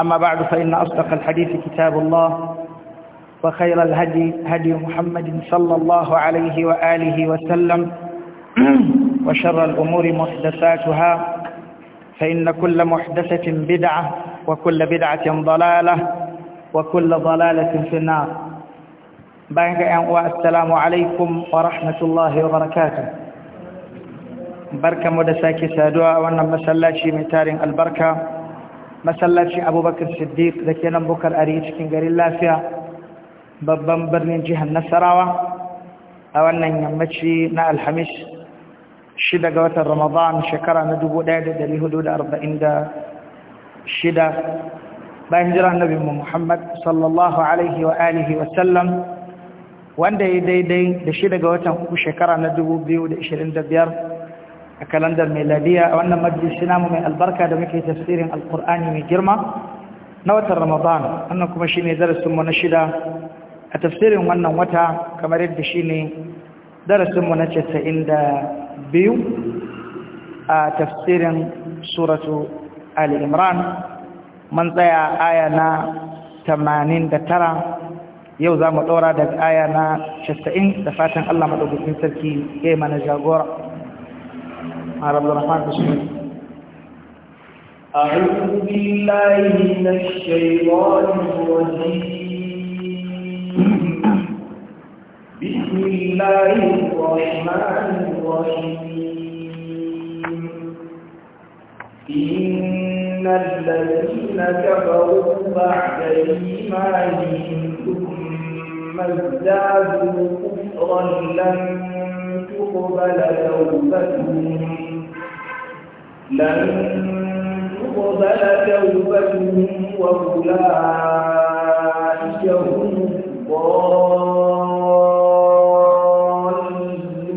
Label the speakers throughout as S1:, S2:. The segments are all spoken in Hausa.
S1: أما بعد فإن أصدق الحديث كتاب الله وخير الهدي هدي محمد صلى الله عليه وآله وسلم وشر الأمور محدثاتها فإن كل محدثة بدعة وكل بدعة ضلالة وكل ضلالة في النار بارك والسلام عليكم ورحمة الله وبركاته بركة مدساكي سادوا وأنا مسلاتي من تارين البركة masallacin abubakar siddiq da ke nan bukar ari cikin garin lafiya babban birnin jihar nasarawa a wannan yammaci na alhamis Shi daga watan ramadan shekara na shida bayan jira annabi muhammad sallallahu alaihi wa alihi wa sallam wanda ya daidai da shi daga watan uku shekara na biyar. a kalandar meladiya a wannan majalisi namu mai albarka da muke tafsirin alkur'ani mai girma na watan ramadan wannan kuma shine darasinmu na shida a tafsirin wannan wata kamar yadda shine darasinmu na casa'in da biyu a tafsirin suratu ali imran man tsaya aya na tamanin da tara yau za mu ɗora daga aya na casa'in da fatan allah maɗaukakin sarki ya yi mana jagora على عبد الرحمن بشير أعوذ بالله من الشيطان الرجيم بسم الله الرحمن الرحيم إن الذين كفروا بعد إيمانهم ثم ازدادوا كفرا لن تقبل توبتهم لن تقبل توبتهم وأولئك هم الضالون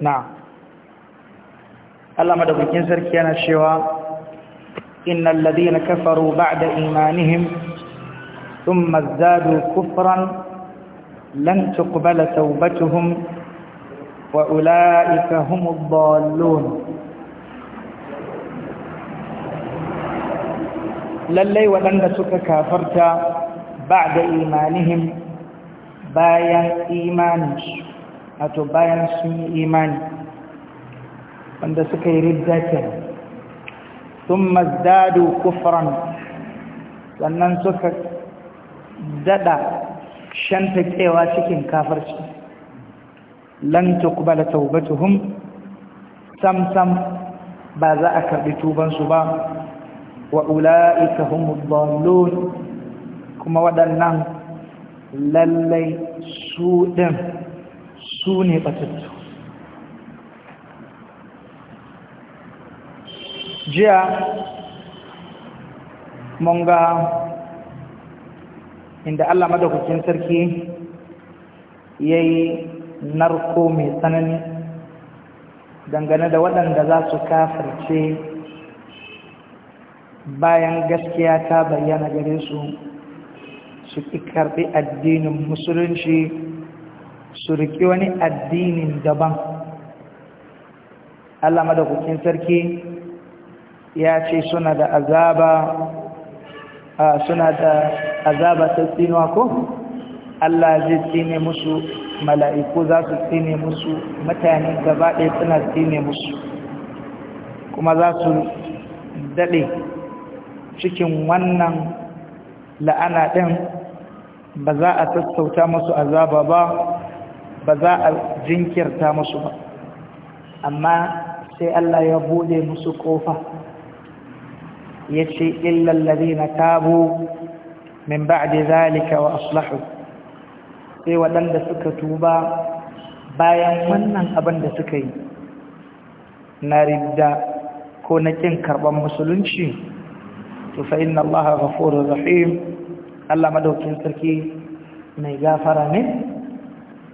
S1: نعم اللهم مدوكين سركي أنا الشواء إن الذين كفروا بعد إيمانهم ثم ازدادوا كفرا لن تقبل توبتهم وأولئك هم الضالون lallai waɗanda suka kafarta ba da imanihim bayan imaninsu wato bayan sun yi imani wanda suka yi riddakin sun mazdadu kufran sannan suka dada shanta kewa cikin kafarci lan tuqbala tawbatuhum sam sam ba za a karbi tuban su ba wa ulaika humud dallun kuma waɗannan lallai su ɗin su ne batutu. jiya monga inda Allah madaukakin sarki yayi narko mai tsanani dangane da waɗanda za su kafarce bayan gaskiya ta bayyana gare su su ƙi karɓi addinin musulunci su riƙi wani addinin daban Allah kukin sarki ya ce suna da azaba suna da azaba ta tsinuwa ko Allah zai tsine musu mala'iku za su tsine musu mutane gaba ɗaya suna tsine musu kuma za su daɗe cikin wannan la'ana ɗin ba za a sassauta musu azaba ba ba za a jinkirta musu ba amma sai Allah ya bude musu ƙofa ya ce illallari na tabo min ba'adi zalika wa aslahu sai waɗanda suka tuba bayan wannan abin da suka yi na ridda ko na ƙin karɓar musulunci to inna allaha gafuru rahim Allah madaukin sarki mai gafara ne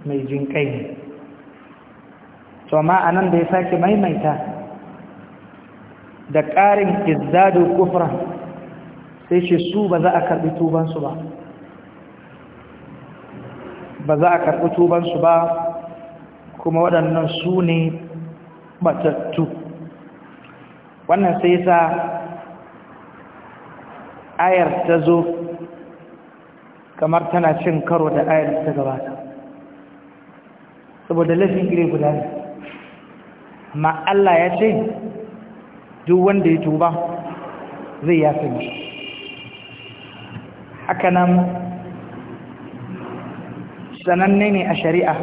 S1: mai jinƙai ne to ma anan da ya sake maimaita da ƙarin izdadu kufra sai ce su ba za a karɓi tubansu ba ba za a karɓi tubansu ba kuma waɗannan su ne matattu wannan sai sa ayar ta zo kamar tana cin karo da ayar ta gabata saboda lafin iri guda ne amma Allah ya ce duk wanda ya tuba zai yafe mashi haka nan sananne ne a shari'a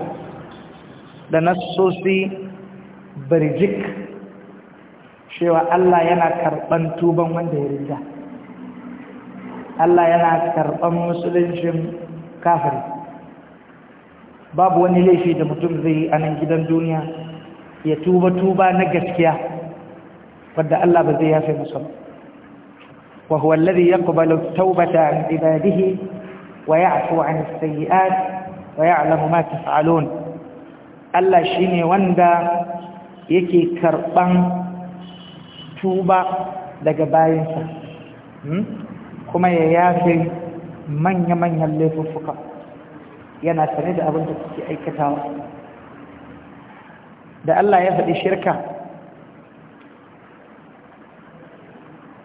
S1: da nassosi barjik cewa Allah yana karɓan tuban wanda ya rita Allah yana karɓan musuluncin kafiri babu wani laifi da mutum zai yi a nan gidan duniya ya tuba tuba na gaskiya wadda Allah ba zai yafe masa wa huwa alladhi yaqbalu at-taubata 'an ibadihi wa ya'fu 'an as-sayyi'at wa ya'lamu ma taf'alun Allah shine wanda yake karban tuba daga bayansa hmm? kuma ya yafe manya manya laifuffuka yana sane da abin da suke aikatawa da Allah ya faɗi shirka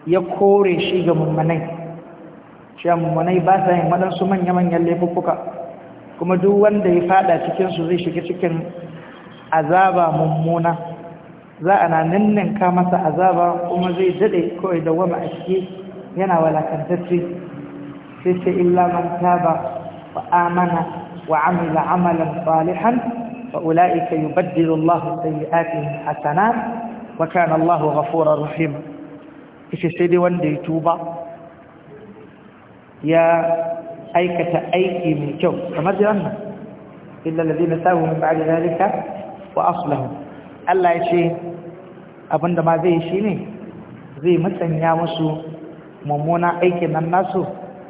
S1: ya kore shi ga mummanai shi mummanai ba sa yin waɗansu manya manya laifuffuka kuma duk wanda ya fada cikin su zai shiga cikin azaba mummuna za a nannan ka masa azaba kuma zai dade kawai da wama a ciki yana walakantacce sai ce illa man taba wa amana wa amila amalan salihan fa ulaika yubaddilu Allahu sayyi'atihim hasanat wa kana Allahu ghafurur rahim kishi sai dai wanda ya tuba ya aikata aiki mai kyau kamar da wannan illa ladina sabu min ba'di zalika wa aslahu Allah ya ce abinda ma zai shi ne zai musanya musu mummuna aikin nan nasu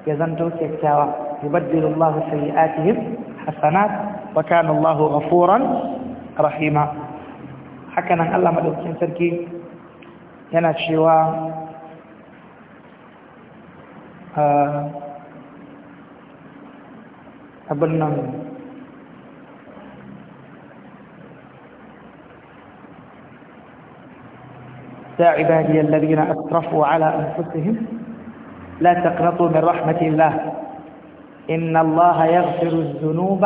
S1: ya zanto kyakkyawa yubaddilu Allahu sayyi'atihim hasanat wa kana Allahu ghafuran rahima hakanan Allah madaukakin sarki yana cewa ah, يا عبادي الذين أسرفوا على أنفسهم لا تقنطوا من رحمة الله إن الله يغفر الذنوب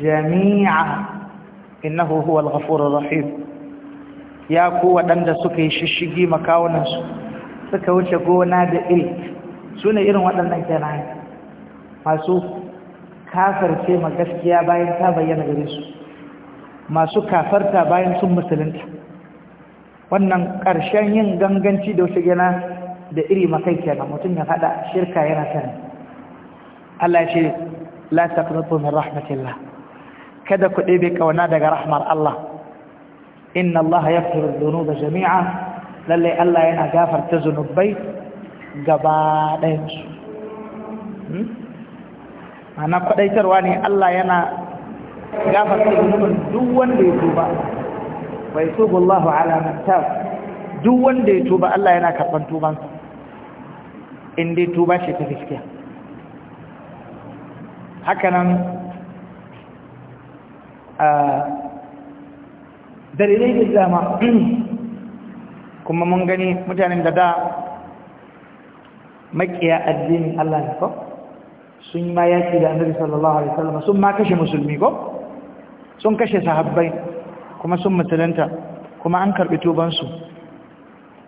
S1: جميعا إنه هو الغفور الرحيم يا قوة عند سكي ششجي مكاونا سكوش قونا دئل سنة إرم ودلنا كنعي ما سوف Kafar ce ma gaskiya bayan ta bayyana gare su masu kafarta bayan sun musulunta wannan ƙarshen yin ganganci da wasu gina da iri makai kenan mutum ya faɗa shirka yana sani Allah ce la taqnatu min rahmatillah kada ku ɗebe kauna daga rahmar Allah inna Allah yaghfiru dhunuba jami'a lallai Allah yana gafarta zunubai gaba ɗayan su hmm? ana kwadaitarwa ne Allah yana gafarta zunubin duk wanda ya tuba wa yatubu Allahu ala man tab duk wanda ya tuba Allah yana karban sa in dai tuba shi ta gaskiya hakanan dalilai da dama kuma mun gani mutanen da da makiya addinin Allah ne ko sun yi ma yaki da annabi sallallahu alaihi wasallam sun ma kashe musulmi ko sun kashe sahabbai kuma sun musulunta kuma an karbi tubansu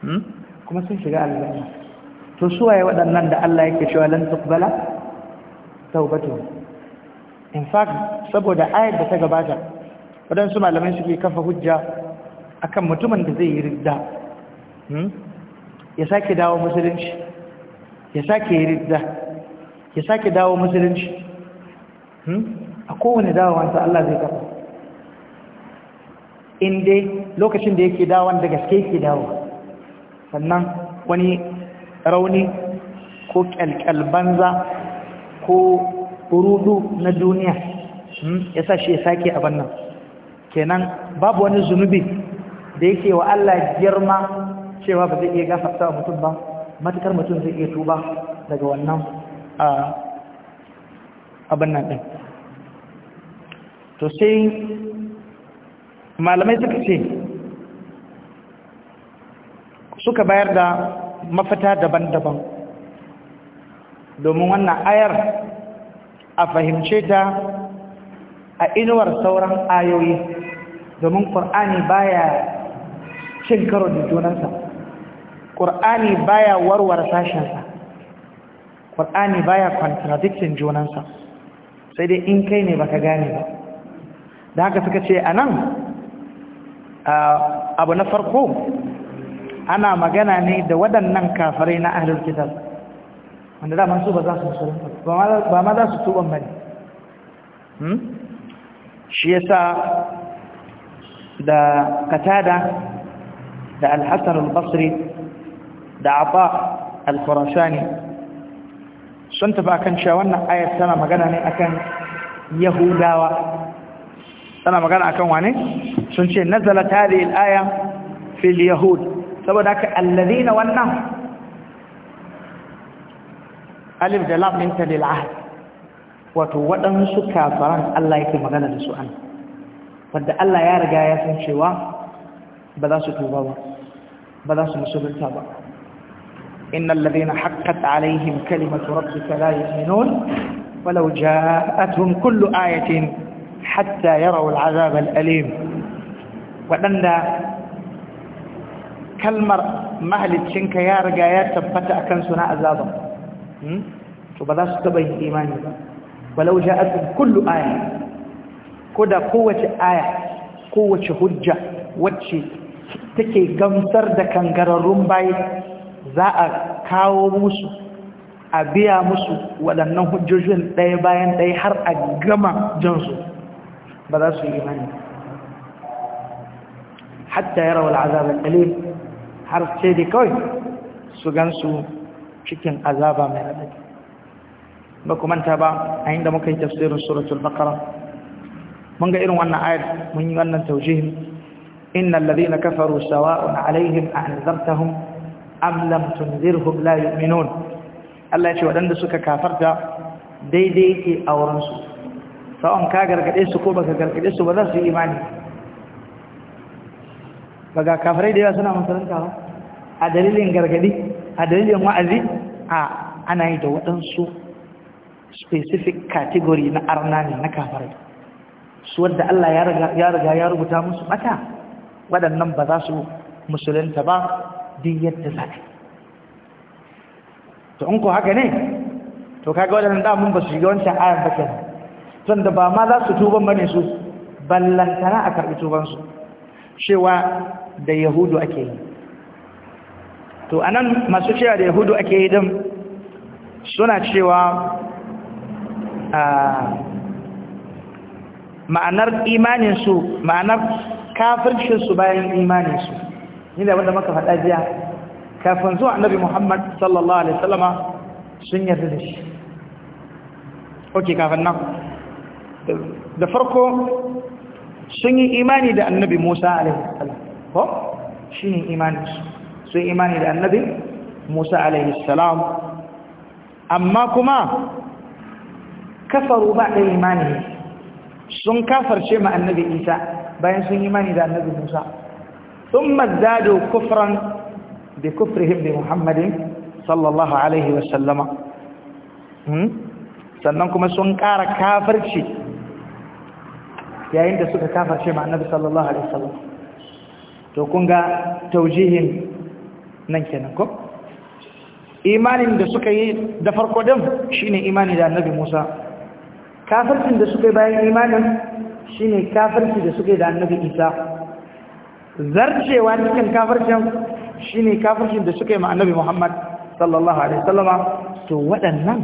S1: hmm? kuma sun shiga aljanna to su waye waɗannan da Allah yake cewa lan tuqbala taubatu in fact saboda ayat da ta gabata waɗansu malamai suke kafa hujja akan mutumin da zai yi ridda hmm? ya sake dawo musulunci ya sake yi ridda ya sake dawo musulunci hmm? a kowane dawowansa Allah zai kafa inda lokacin da yake dawon da gaske yake dawo sannan wani rauni ko kyalkyal banza ko rudu na duniya hmm, ya sa shi ya sake abin nan kenan babu wani zunubi da yake wa Allah girma cewa ba zai iya gafarta mutum ba matukar mutum zai iya tuba daga wannan a abin nan to sai malamai suka ce suka bayar da mafita daban-daban domin wannan ayar a fahimce ta a inuwar sauran ayoyi domin ƙur'ani baya cin karo da junansa ƙur'ani baya warware sashensa ƙur'ani baya contradicting junansa sai dai in kai ne baka gane ba da haka suka ce a nan abu na farko ana magana ne da waɗannan kafarai na ahlul kitab wanda da su ba za su musulunta ba ma za su tuban bane hmm? shi yasa da katada da alhassan al-basri da abba al-khurashani sun tafi akan cewa wannan ayat tana magana ne akan yahudawa tana magana akan wane sun ce nazala tarihi al'aya fil yahud saboda haka alladhina wannan alif da lam min talil ahd wato waɗansu kafaran Allah yake magana da su an wanda Allah ya riga ya san cewa ba za su tuba ba ba za su musulunta ba إن الذين حقت عليهم كلمة ربك لا يؤمنون ولو جاءتهم كل آية حتى يروا العذاب الأليم وأن كلمر مهل تشنك يا رقايات تبقت أكن سناء عذابه شبه ذا ستبه إيماني ولو جاءتهم كل آية كده قوة آية قوة هجة وتشي تكي قمصر دكان قررون بايد za a kawo musu a biya musu waɗannan hujjojin ɗaya bayan ɗaya har a gama jansu ba za su yi imani hatta yara wal azabar ɗalil har sai da kawai su gansu cikin azaba mai raɗaɗi ba ku manta ba a inda muka yi tafsirin suratul bakara mun ga irin wannan ayar mun yi wannan taujihin inna alladhina kafaru sawa'un alaihim a anzartahum am lam tunzirhum la yu'minun Allah ya ce waɗanda suka kafarta daidai yake a wurinsu sa'on ka gargaɗe su ko baka gargaɗe su ba za su yi imani ba ga kafirai da yawa suna masaranta ba a dalilin gargaɗi a dalilin wa'azi a ana yi da waɗansu specific category na arna ne na kafirai su wadda Allah ya riga ya rubuta musu mata waɗannan ba za su musulunta ba duk yadda za ka to in ko haka ne to kaga waɗannan damun ba su shiga wancan ayar ba kenan tun da ba ma za su tuban bane su ballantana a karɓi tubansu cewa da yahudu ake yi to anan masu cewa da yahudu ake yi din suna cewa ma'anar imaninsu ma'anar kafircinsu bayan imaninsu ni da wanda maka faɗa jiya kafin zuwa annabi muhammad sallallahu alaihi wasallama sun yarda da shi ok kafin nan da farko sun yi imani da annabi musa alaihi wasallam ko shi ne imani sun imani da annabi musa alaihi salam amma kuma kafaru ba da imani sun kafarce ma annabi isa bayan sun imani da annabi musa ثم ازدادوا كفرا بكفرهم بمحمد صلى الله عليه وسلم sannan kuma sun ƙara kafirci yayin da suka kafirce ma annabi sallallahu alaihi wasallam to kun ga taujihin nan kenan ko imanin da suka yi da farko din shine imani da annabi Musa kafircin da suka yi bayan imanin shine kafirci da suka yi da annabi Isa zarcewa cikin kafircin ne kafircin da suka yi ma Muhammad sallallahu alaihi wasallama to waɗannan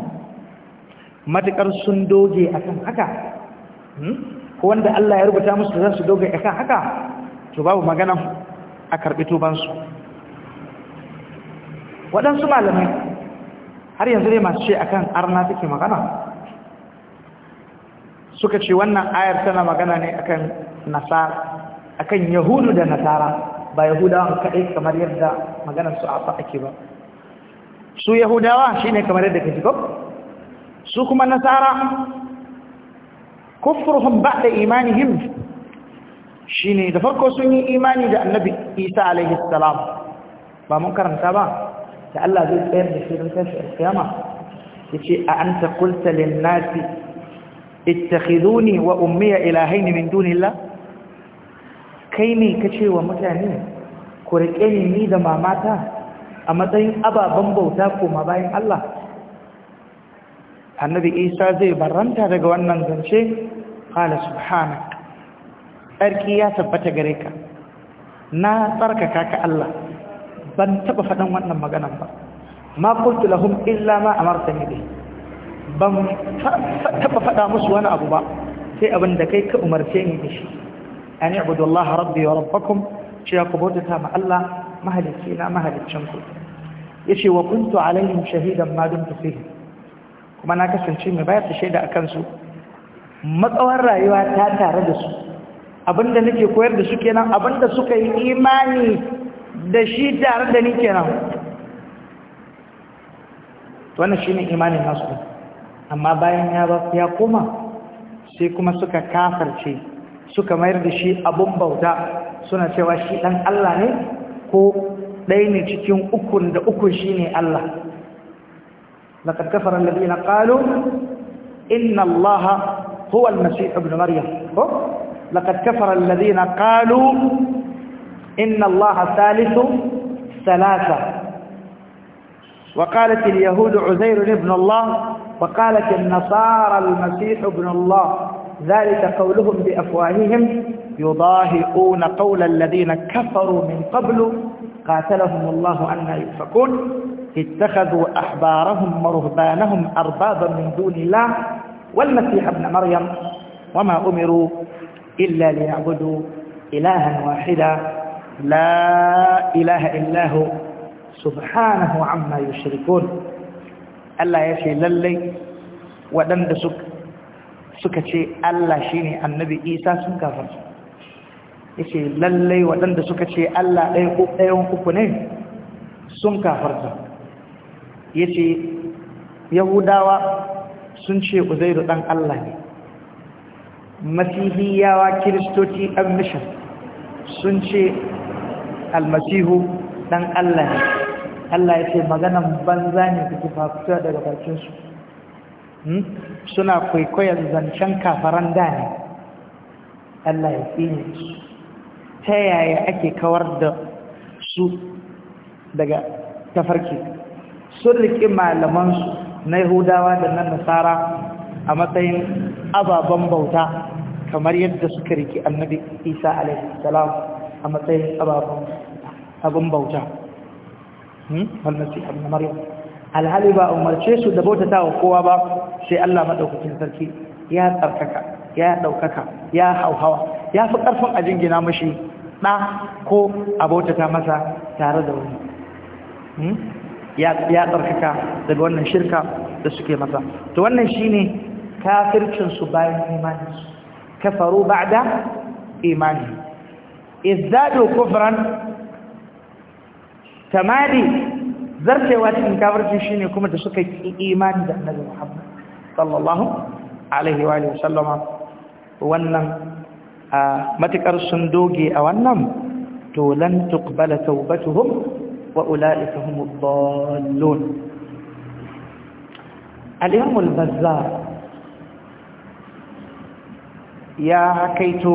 S1: matuƙar sun doge akan haka hmm? ko wanda Allah ya rubuta musu za su doge akan haka to babu magana a karɓi tubansu waɗansu malamai har yanzu ne masu ce akan arna suke magana suka ce wannan ayar tana magana ne akan nasara akan yahudu da nasara ba yahudawan kaɗai kamar yadda maganar su a ake ba su yahudawa shine kamar yadda kaji ko su kuma nasara kufruhum ba'da imanihim shine da farko sun yi imani da annabi Isa alaihi salam ba mun karanta ba da Allah zai tsayar da shirin tashi alkiyama yace a anta qulta lin nasi ittakhiduni wa ummi ilahayn min dunillah kai ne ka ce wa mutane ku riƙe ne ni da mamata a matsayin ababen bauta koma bayan Allah annabi isa zai baranta daga wannan zance kala subhanak tsarki ya tabbata gare ka na tsarkaka ka Allah ban taɓa faɗin wannan maganan ba ma kultu lahum illa ma amartani bi ban taɓa faɗa musu wani abu ba sai abin da kai ka umarce ni da shi an i'budu Allah rabbi wa rabbakum cewa ku bautata ma Allah mahalicci na mahaliccin ku ce wa kuntu alaihim shahidan ma dumtu fihi kuma na kasance mai bayar da shaida a kansu. matsawar rayuwa ta tare da su abinda nake koyar da su kenan abinda suka yi imani da shi tare da ni kenan wannan shine imanin nasu amma bayan ya ba ya koma sai kuma suka kafarce suka mayar da shi abun bauta suna cewa shi dan Allah ne ko ɗaya ne cikin ukun da shine Allah ne kafara لقد كفر الذين قالوا إن الله هو المسيح ابن مريم لقد كفر الذين قالوا إن الله ثالث ثلاثة وقالت اليهود عزير ابن الله وقالت النصارى المسيح ابن الله ذلك قولهم بأفواههم يضاهئون قول الذين كفروا من قبل قاتلهم الله أن يفكون اتخذوا أحبارهم ورهبانهم أربابا من دون الله والمسيح ابن مريم وما أمروا إلا ليعبدوا إلها واحدا لا إله إلا هو سبحانه عما يشركون ألا يشي للي ودندسك suka ce Allah shine annabi Isa sun kafarta yace lallai waɗanda suka ce Allah ɗaya ko ɗayan uku ne sun kafarta yace Yahudawa sun ce Uzairu dan Allah ne Masihiyawa Kiristoci ɗan mission sun ce Almasihu dan Allah ne Allah ya ce maganan banza ne kuke fafuta daga bakinsu Hmm? suna kwaikwayon zancen kafaran da ne Allah ya tsine su ta yaya ake kawar da su daga tafarki sun riƙi malamansu na yahudawa da na nasara a matsayin ababen bauta kamar yadda suka riƙi annabi isa alaihissalam a matsayin ababen bauta hmm? wannan su mariyar alhali ba umarce su da bautata wa kowa ba sai Allah madaukakin sarki ya tsarkaka ya daukaka ya hauhawa ya fi karfin a gina mashi ɗa ko a ta masa tare da wani hmm? ya tsarkaka daga wannan shirka da suke masa to wannan shine kafircin su bayan imani kafaru ba'da imani izdadu kufran tamadi zartewa cikin kafirci shine kuma da suka yi imani da annabi Muhammad sallallahu alaihi wa alihi wasallama wannan matakar sun doge a wannan to lan tuqbala tawbatuhum wa ulaika humud dallun al-imam al-bazzar ya kaito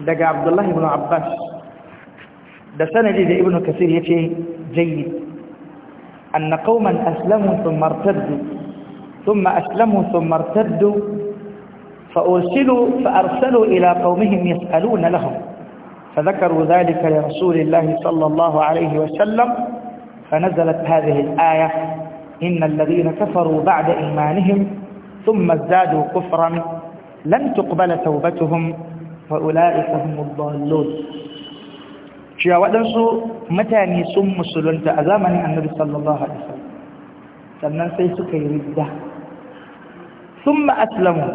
S1: daga Abdullah ibn Abbas da sanadi da ibnu kasir yace jayyid anna qauman aslamu thumma irtaddu thumma aslamu thumma irtaddu fa ursilu fa arsalu ila qaumihim yas'aluna lahum فذكروا ذلك لرسول الله صلى الله عليه وسلم فنزلت هذه الآية إن الذين كفروا بعد إيمانهم ثم ازدادوا كفرا لن تقبل توبتهم وأولئك هم الضالون cewa waɗansu mutane sun musulunta a zamanin annabi sallallahu alaihi wasallam sannan sai suka yi ridda thumma aslamu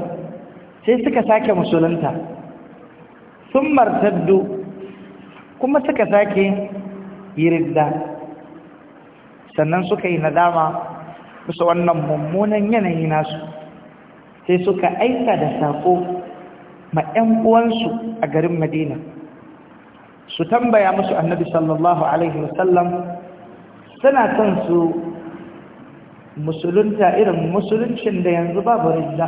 S1: sai suka sake musulunta thumma martaddu kuma suka sake yi ridda sannan suka yi nadama kusa wannan mummunan yanayi nasu sai suka aika da sako ma 'yan uwansu a garin Madina su tambaya musu annabi sallallahu alaihi wasallam suna son su musulunta irin musuluncin da yanzu babu ridda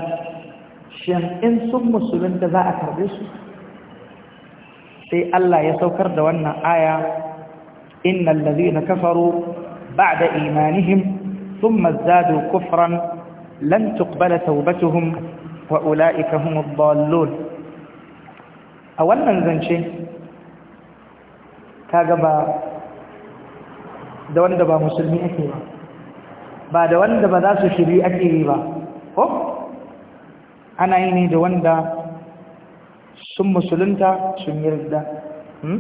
S1: shin in sun musulunta za a karbe su sai Allah ya saukar da wannan aya innal ladhina kafaru ba'da imanihim thumma zadu kufran lan tuqbala tawbatuhum wa ulaika humud dallun a wannan zance kaga ba da wanda ba musulmi ake ba ba da wanda ba za su shiri ake yi ba ko ana yi ne da wanda sun musulunta sun yi rida hmm?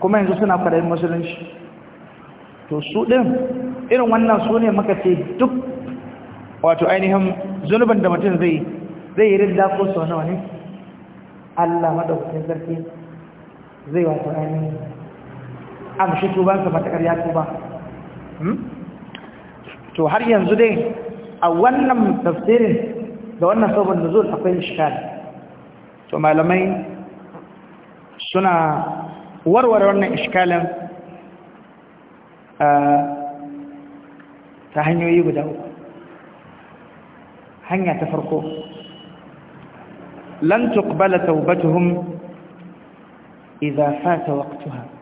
S1: kuma yanzu suna fara musulunci to su ɗin irin wannan su ne maka ce duk wato ainihin zunubin da mutum zai zai yi rida ko sau nawa ne Allah madaukakin sarki zai wato ainihin amshi tubansa matakar ya tuba hmm? to har yanzu dai a wannan tafsirin da wannan sabon nuzul akwai shikar to malamai suna warware wannan iskalin eh, ta hanyoyi guda uku hanya ta farko lantuk bala taubatuhun idza fata waqtaha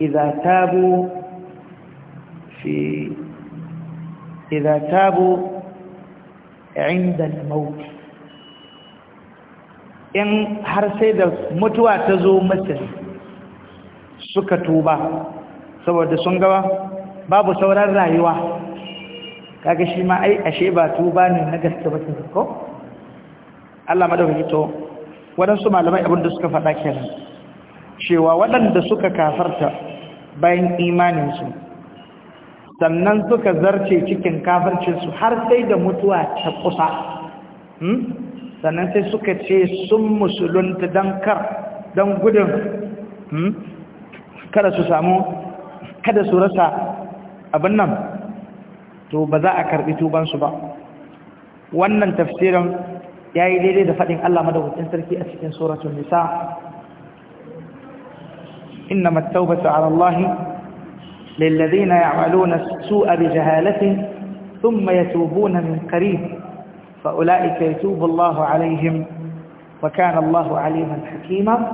S1: إذا تابوا في إذا تابوا عند الموت in har sai da mutuwa ta zo mutum suka tuba saboda sun gaba babu sauran rayuwa kaga shi ma ai ashe ba tuba ne na gaske ba ko Allah madaukaki to wadansu malamai abin da suka faɗa kenan cewa waɗanda suka kafarta bayan imaninsu sannan suka zarce cikin kafarcinsu har sai da mutuwa ta kusa hmm? sannan sai suka ce sun musulunta don kar don gudun hmm? kada su samu kada su rasa abin nan to ba za a karɓi tubansu ba wannan tafsirin ya yi daidai da faɗin Allah madawacin sarki a cikin suratun nisa إنما التوبة على الله للذين يعملون السوء بجهالة ثم يتوبون من قريب فأولئك يتوب الله عليهم وكان الله عليما حكيما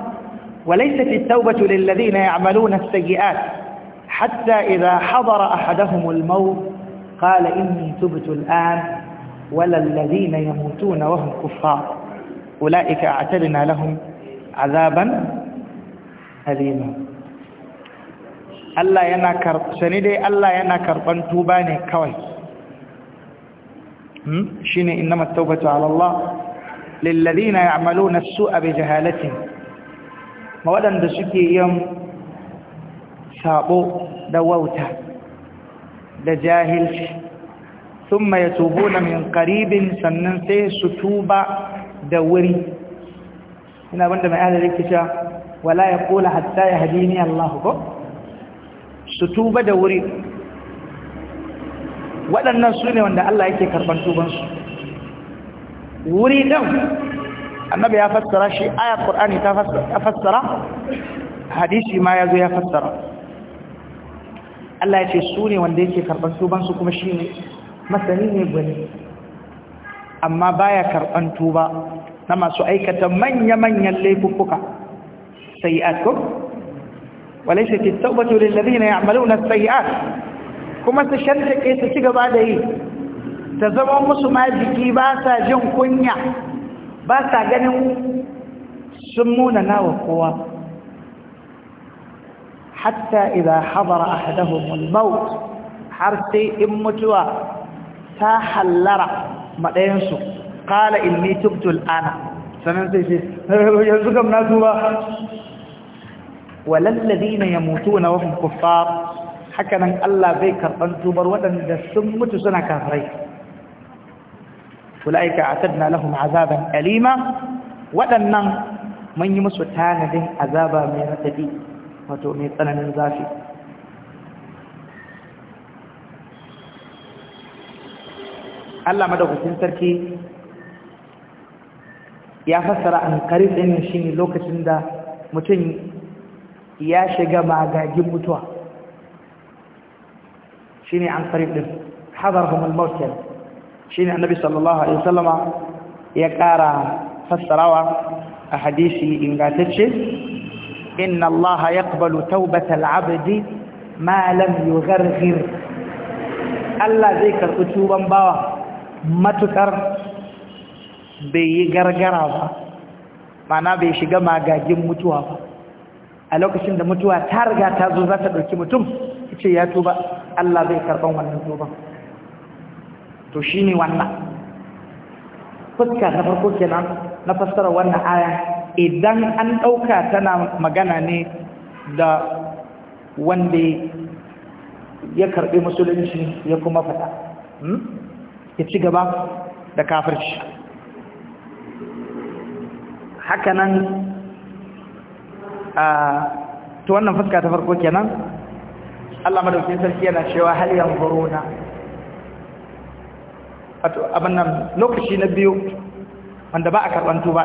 S1: وليست التوبة للذين يعملون السيئات حتى إذا حضر أحدهم الموت قال إني تبت الآن ولا الذين يموتون وهم كفار أولئك أعتدنا لهم عذابا alima Allah yana karɓar sani dai Allah yana karɓan tuba ne kawai hmm? shi ne inna mattaubatu ala Allah lillazina ya'maluna as-su'a bi jahalatin ma waɗanda suke yin sabo da wauta da jahilci thumma yatubuna min qaribin sannan sai su tuba da wuri ina banda mai adalci cewa wala ya kula hatta ya hadini Allah ko su tuba da wuri waɗannan su ne wanda Allah yake karɓar tubansu wuri nan annabi ya fassara shi ayat ƙur'ani ta fassara hadisi ma ya zo ya fassara Allah ya ce su ne wanda yake karɓar tubansu kuma shi ne masani ne gwani amma baya karɓar tuba na masu aikata manya-manyan laifuffuka sayi'atkum walaysa at-tawbatu lil ladina ya'maluna as-sayi'at kuma su shantake su ci gaba da yi ta zama musu ma jiki ba sa jin kunya ba sa ganin sun muna nawa kowa hatta idan habara ahadahum al-maut har sai in mutuwa ta hallara maɗayensu ƙala ilmi tubtul ana sannan sai ce yanzu kam na tuba walallazina yamutuna wa hum kuffar hakanan Allah bai karban tubar waɗanda sun mutu suna kafirai ulaika atadna lahum azaban alima waɗannan mun yi musu tanadin azaba mai radadi wato mai tsananin zafi Allah madaukakin sarki ya fassara an karin ɗin shi lokacin da mutum ya shiga magagin mutuwa shine an ɗin? din hadarhum al-maut shine annabi sallallahu alaihi wasallama ya ƙara fassarawa a hadisi ingantacce inna allaha yaqbalu tawbatal abdi ma lam yugharghir Allah zai karɓi tuban bawa matukar bai yi gargara ba mana bai shiga magagin mutuwa ba a lokacin da mutuwa ta riga ta zo za ta ɗauki mutum ce ya tuba Allah zai karɓan wannan tuban to shi ne wannan fuska na farko kenan na fassara wannan aya idan an ɗauka tana magana ne da wanda ya karɓi musulunci ya kuma faɗa hmm? ya ci gaba da kafirci hakanan to wannan fuska ta farko kenan Allah madaukakin sarki yana cewa hal yanzuruna wato abin nan lokaci na biyu wanda ba a karban ba.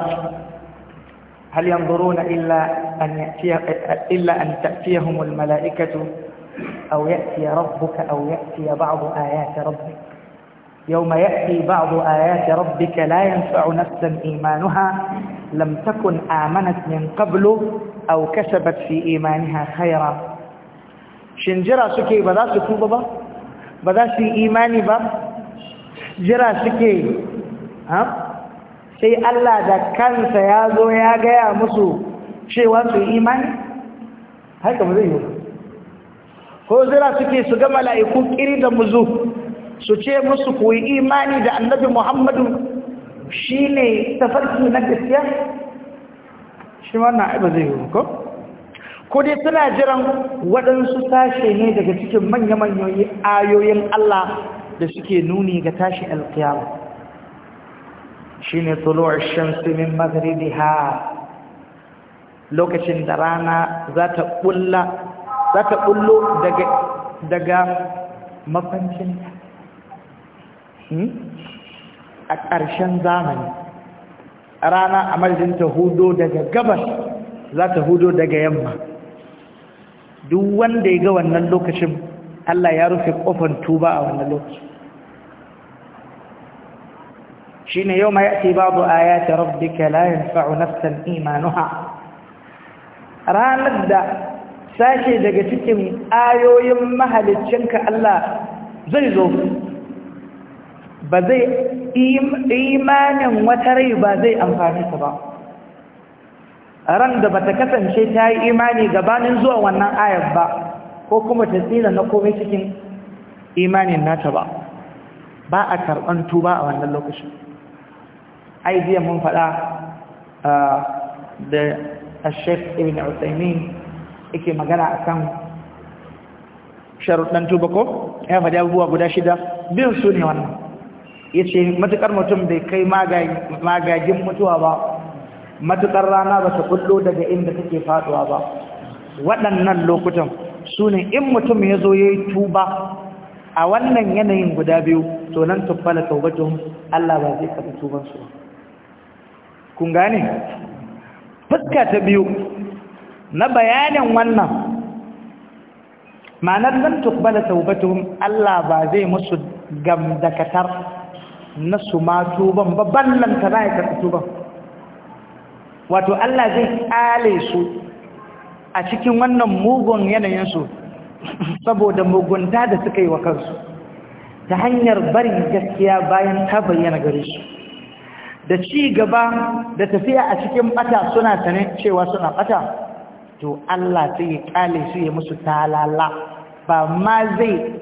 S1: hal yanzuruna illa an yatiya illa an ta'tiyahum al mala'ikatu aw ya'tiya rabbuka aw ya'tiya ba'd ayati rabbika يوم يأتي بعض آيات ربك لا ينفع نفسا إيمانها لم تكن آمنت من قبل أو كسبت في إيمانها خيرا شنجرا سكي بدا سكوبة با بدا سي إيماني با جرا سكي ها سي ألا دا كان ya يا غيا مسو شي واسو su هاي كم ذي هو yi ko سكي suke su ga mala'iku su ce musu koyi imani da annabi muhammadu shi ne tafarki na gaskiya shi na aiba zai yi ko ko dai suna jiran waɗansu tashe ne daga cikin manya-manyan ayoyin Allah da suke nuni ga tashi alkiyama shi ne tuluwar shamsu min ha lokacin da rana za ta ɓullo daga mafancinta Hmm? a ƙarshen zamani rana a madadin ta hudo daga gabas za ta hudo daga yamma duk wanda ya ga wannan lokacin Allah ya rufe ƙofar tuba a wannan lokacin shi ne yau ma ya ce babu ayata rabbika la na san imanuha ranar da sashe daga cikin ayoyin mahaliccinka Allah zai zo ba zai imanin wata rai ba zai amfani ta ba ran da bata kasance ta yi imani gabanin zuwa wannan ayar ba ko kuma ta tsina na komai cikin imanin nata ba ba a karɓar tuba a wannan lokacin aidiyan mun faɗa da ashef ibn usaimin yake magana a kan sharuɗan tuba ko ya faɗi abubuwa guda shida bin su ne wannan ya ce matuƙar mutum bai kai magajin mutuwa ba matuƙar rana ba su kullo daga inda take faɗuwa ba waɗannan lokutan su ne in mutum ya zo ya yi tuba a wannan yanayin guda biyu to nan tuffala taubatun Allah ba zai kafa tubansu kun gane fuska ta biyu na bayanin wannan ma'anar nan tuffala taubatun Allah ba zai musu gamdakatar na su ma tuban babban nan ta za yi karɓi tuban wato Allah zai ƙale su a cikin wannan mugun yanayinsu saboda mugunta da suka yi wa kansu ta hanyar bari gaskiya bayan ta bayyana gare su da ci gaba da tafiya a cikin bata suna sane cewa suna bata to Allah sai ya ƙale su ya musu talala ba ma zai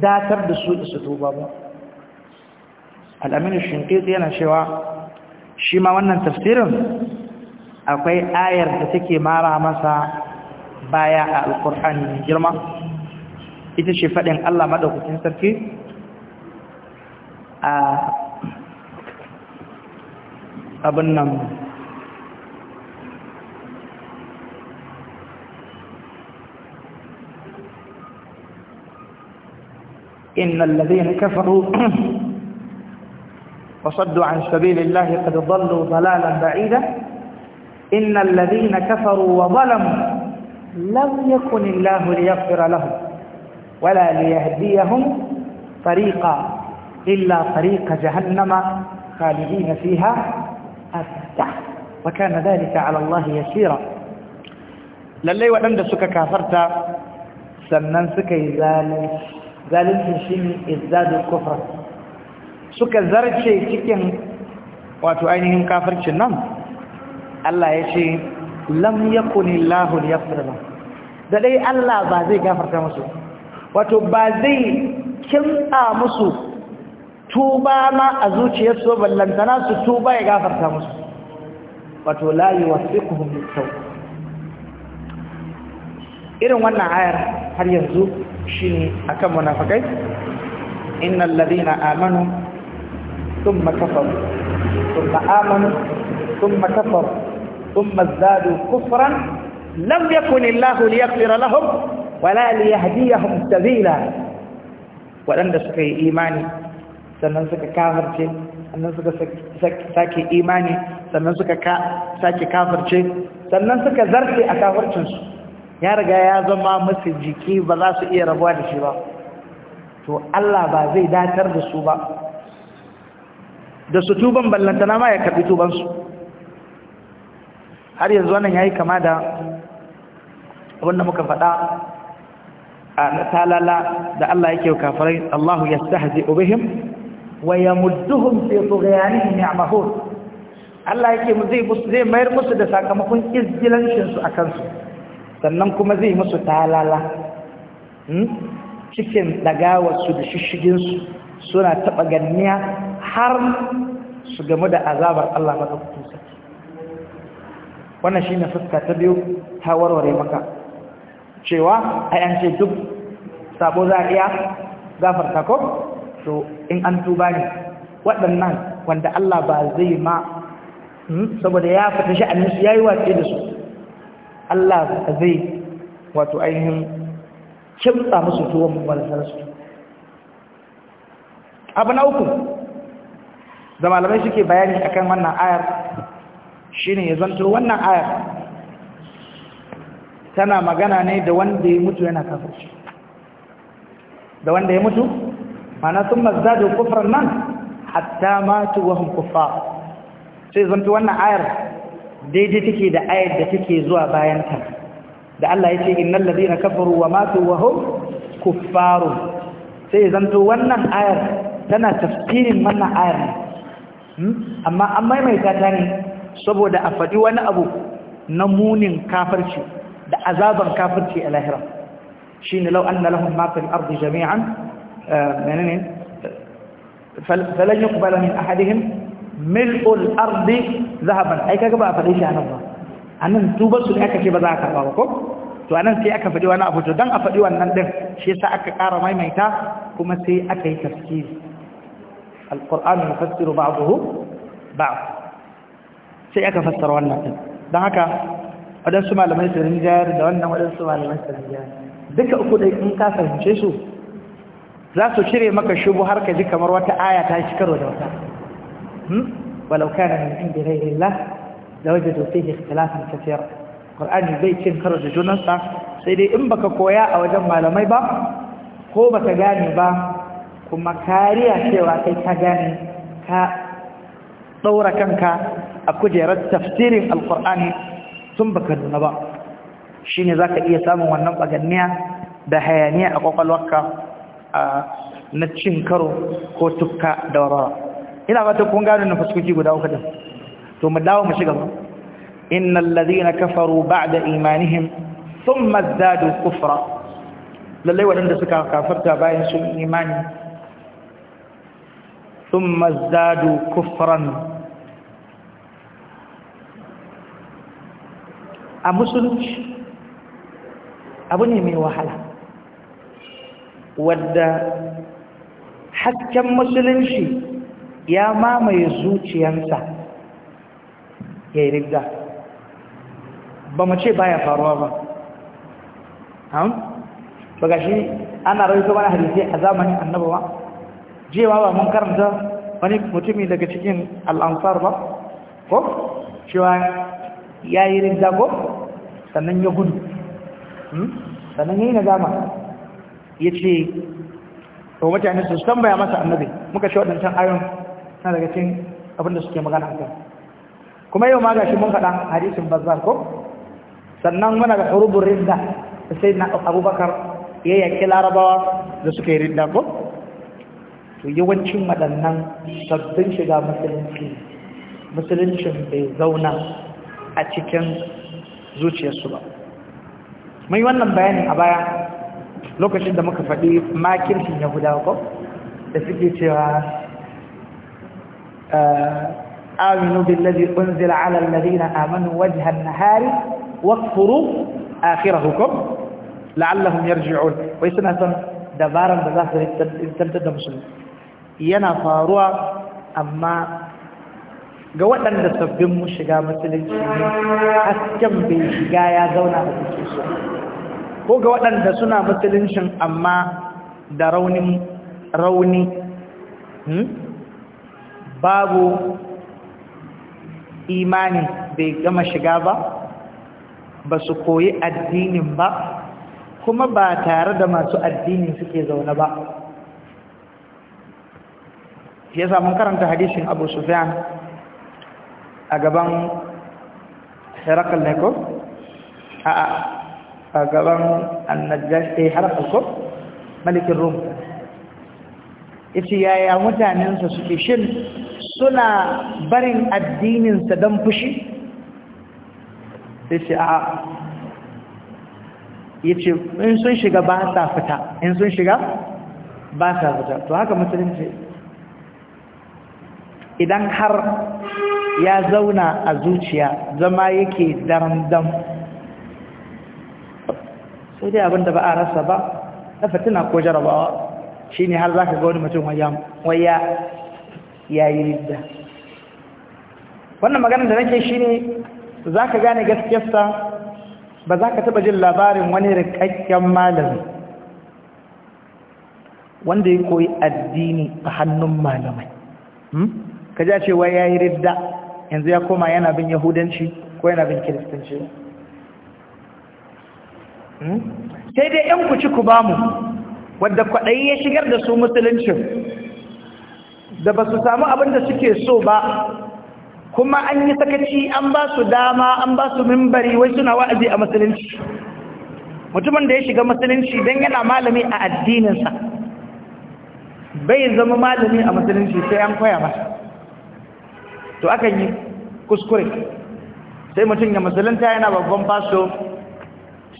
S1: datar da su da su tuba ba al'aminu shinkiti yana cewa shi ma wannan tafsirin akwai ayar da take mara masa baya a alkur'ani girma ita ce faɗin Allah maɗaukacin sarki a abin nan إن الذين كفروا وصدوا عن سبيل الله قد ضلوا ضلالا بعيدا إن الذين كفروا وظلموا لم يكن الله ليغفر لهم ولا ليهديهم طريقا إلا طريق جهنم خالدين فيها أبدا وكان ذلك على الله يسيرا للي waɗanda suka كافرت sannan suka yi zalunci zalunci shi الكفر suka zarce cikin wato ainihin kafircin nan Allah ya ce lam yakuni Allahu yaghfiruna da dai Allah ba zai gafarta musu wato ba zai kimtsa musu tuba ma a zuciyarsu ballantana su tuba ya gafarta musu wato la yuwaffiquhum bisaw irin wannan ayar har yanzu shine akan munafikai innal ladina amanu ثم كفر ثم آمنوا ثم كفر ثم ازدادوا كفرا لم يكن الله ليغفر لهم ولا ليهديهم سبيلا ولن نسك إيماني سننسك كافر جي سننسك ساكي إيماني سننسك كا ساكي كافر جي سننسك زرسي أكافر جنس يا رجا يا زما مسجي كيف بلاس إيه ربوان شبا تو الله بازي داتر بسوبا da su tuban ballantana ma ya karbi tubansu har yanzu wannan yayi kama da wanda muka faɗa a talala da Allah yake kafirai Allahu yastahzi'u bihim wa yamudduhum fi tughyanihim ya'mahun Allah yake mu zai musu zai mayar musu da sakamakon izgilancin su akan su sannan kuma zai musu talala hmm, cikin dagawar su da shishigin su suna taɓa ganniya har su game da azabar Allah madaukakin kusa. wannan shine fuska ta biyu ta warware maka cewa a ce duk sabo za iya gafar ko to in an tuba ne waɗannan wanda Allah ba zai ma hmm, saboda ya fita sha'anin ya yi wace da su Allah zai wato ainihin kimsa musu tuwon balasar abu na uku da malamai suke bayani akan wannan ayar shine ya zanto wannan ayar tana magana ne da wanda ya mutu yana kafirci da wanda ya mutu mana sun mazdadu kufran nan hatta matu wa hum kuffar sai zanto wannan ayar daidai take da ayar da take zuwa bayan ta da Allah ya ce innal ladina kafaru wa matu wa hum kuffaru sai zanto wannan ayar tana tafsirin wannan ayar ne Hmm? amma an maimaita ta ne saboda a faɗi wani abu na munin kafirci da azaban kafirci a lahira shi ne lau an na lahun mafin arzi jami'an eh, menene falon yi kubala min ahadihim mil'ul arzi zahaban ai kaga ba a faɗi shi a nan ba a nan tubar su ne aka ce ba za a karɓa ba ko to anan sai aka faɗi wani abu to don a faɗi wannan ɗin shi sa aka ƙara maimaita kuma sai aka yi tafsiri alƙur'an mufassiru ba'dahu ba'd sai aka fassara wannan din dan haka wadansu malamai sun jayar da wannan wadansu malamai sun jayar duka uku dai in ka fahimce su za su cire maka shubu har ka ji kamar wata aya ta shi karo da wata walau kana min inda ghairi Allah lawajadu fihi ikhtilafan kathira qur'ani bai cin karo da junansa sai dai in baka koya a wajen malamai ba ko baka gane ba kuma kariya cewa kai ka gane ka ɗaura kanka a kujerar tafsirin alƙur'ani tun baka nuna ba shi ne za ka iya samun wannan baganniya da hayaniya a ƙwaƙwalwarka na cin karo ko tukka da warwara ina fata kun gano na fuskoki guda uku din to mu dawo mu shiga innal ladhina kafaru ba'da imanihim thumma zadu kufra lallai waɗanda suka kafarta bayan sun imani ثم ازدادوا كفرا a musulunci abu ne mai wahala wadda hasken musulunci ya mamaye zuciyarsa ya yi ba mu ce baya faruwa ba ba ga shi ana rai mana hadisi a zamanin annabawa jewa ba mun karanta wani mutumi daga cikin al'amfar ba ko cewa ya yi rinda ko sannan ya gudu hmm? sannan ya yi nadama ya ce ko mutane su tambaya masa annabi muka ce waɗancan ayon na daga cikin abinda suke magana a kan kuma yau ma ga shi mun faɗa hadisin bazar ko sannan muna da hurubun rinda da sai na abubakar ya yaƙi larabawa da suka yi rinda ko to yawancin waɗannan sabbin shiga musulunci musuluncin bai zauna a cikin zuciyarsu ba mun yi wannan bayanin a baya lokacin da muka faɗi makirkin yahuda ko da suke cewa ah, aminu billazi unzila ala alladhina amanu wajha nahari wakfuru akhirahukum la'allahum yarji'un wai suna son dabaran da za su tantar da musulmi yana faruwa amma ga waɗanda sabbin mu shiga musulunci ne hasken bai shiga ya zauna da suke su ko ga waɗanda suna musuluncin amma da raunin rauni hmm? babu imani bai gama shiga ba ba su koyi addinin ba kuma ba tare da masu addinin suke zaune ba ya yasa mun karanta hadisin abu sufyan a gaban herakal ne ko a gaban annajjash eh Harakal ko malikin rum ita yaya mutanensa suke shin suna barin addininsa don fushi sai ce a ya ce in sun shiga ba sa fita in sun shiga ba sa fita to haka musulunci idan har ya zauna a zuciya zama yake daram-dam sau dai da ba a rasa ba na fatina ko jarabawa shine har za ka gauni mutum waya yayi ridda wannan maganin da nake shine ka gane gaskiyarsa ba za ka taɓa jin labarin wani rikakken malami wanda ya koyi addini a hannun malamai hmm? ka ja cewa ya yi ridda yanzu ya koma yana bin yahudanci ko yana bin kiristanci hmm? sai dai ‘yan kuci ku ba mu wadda kwaɗayi ya shigar da su Musulunci, da ba su samu abin da suke so ba kuma an yi sakaci an ba su dama an ba su mimbari wai suna wa'azi a musulunci mutumin da ya shiga musulunci don yana malami a addininsa bai zama malami a musulunci sai an koya masa to akan yi kuskure sai mutum ya musulunta yana babban faso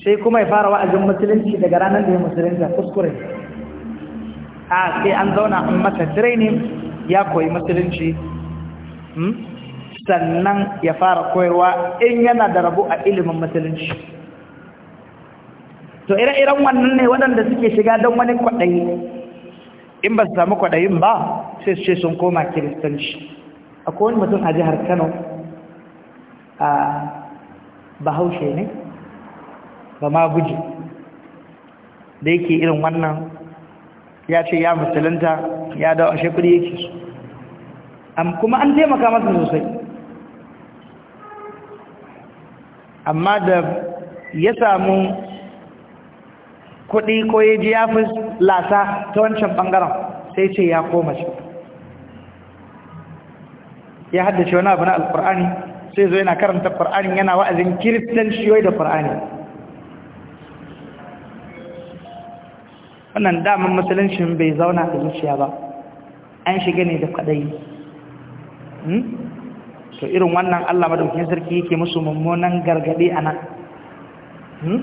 S1: sai kuma ya fara wa'azin musulunci daga ranar da ya musulunta kuskure a sai an zauna an masa training ya koyi musulunci hmm? sannan ya fara koyarwa in yana da rabu a ilimin musulunci to ire-iren wannan ne waɗanda suke shiga don wani kwaɗayi in ba su samu kwaɗayin ba sai su ce sun koma kiristanci akwai wani mutum a jihar kano a bahaushe ne ba ma guji da yake irin wannan ya ce ya musulunta ya dawo a shekuri yake su kuma an taimaka masa sosai amma da ya samu kuɗi ko ya ji ya fi lasa ta wancan bangaren sai ce ya koma shi ya haddace wani abu na alkur'ani sai zo yana karanta ƙur'ani yana wa'azin kiristanciyoyi da ƙur'ani wannan daman musuluncin bai zauna a zuciya ba an shiga ne da kadai hmm? to irin wannan Allah madaukin sarki yake musu mummunan gargadi nan hmm?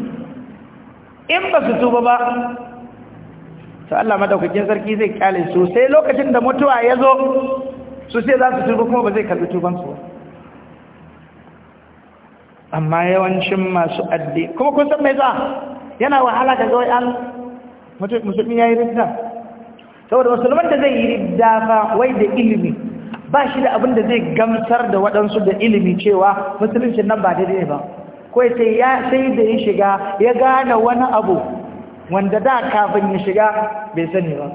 S1: in ba su tuba ba to Allah madaukakin sarki zai kyale sosai lokacin da mutuwa ya zo su sai za su turba kuma ba zai karbi tubansu ba amma yawancin masu addi kuma kun san mai za yana wahala ga zai an musulmi ya yi ridda saboda musulman da zai yi ridda ba wai da ilimi ba shi da abin da zai gamsar da waɗansu da ilimi cewa musulunci nan ba daidai ba kawai sai ya sai da ya shiga ya gane wani abu wanda da kafin ya shiga bai sani ba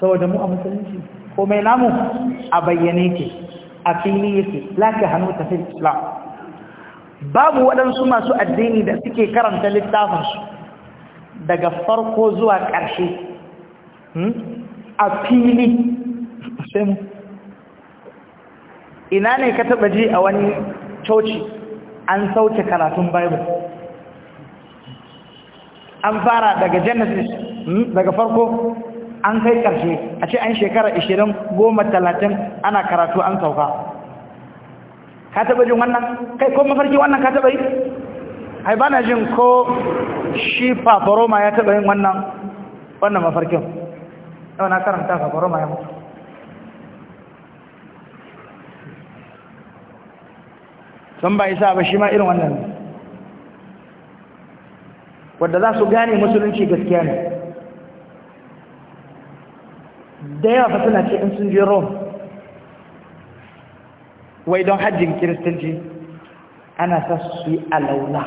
S1: saboda mu a musulunci komai namu a bayyane ke a fili yake laka hannu ta fi islam babu waɗansu masu addini da suke karanta littafinsu daga farko zuwa ƙarshe hmm? a fili ina ne ka taɓa ji a wani coci an sauke karatun bible an fara daga genesis hmm? daga farko an kai ƙarshe a ce an shekara 20 goma talatin ana karatu an sauka ka taɓa jin wannan kai ko mafarki wannan ka taɓa yi ai ba na jin ko shi faforoma ya taɓa yin wannan wannan mafarkin yau na karanta faforoma ya mutu sun ba isa ba shi ma irin wannan wadda za su gane musulunci gaskiya ne da yawa fa suna ce in sun je rome wai don hajjin kiristanci ana sa su yi alaula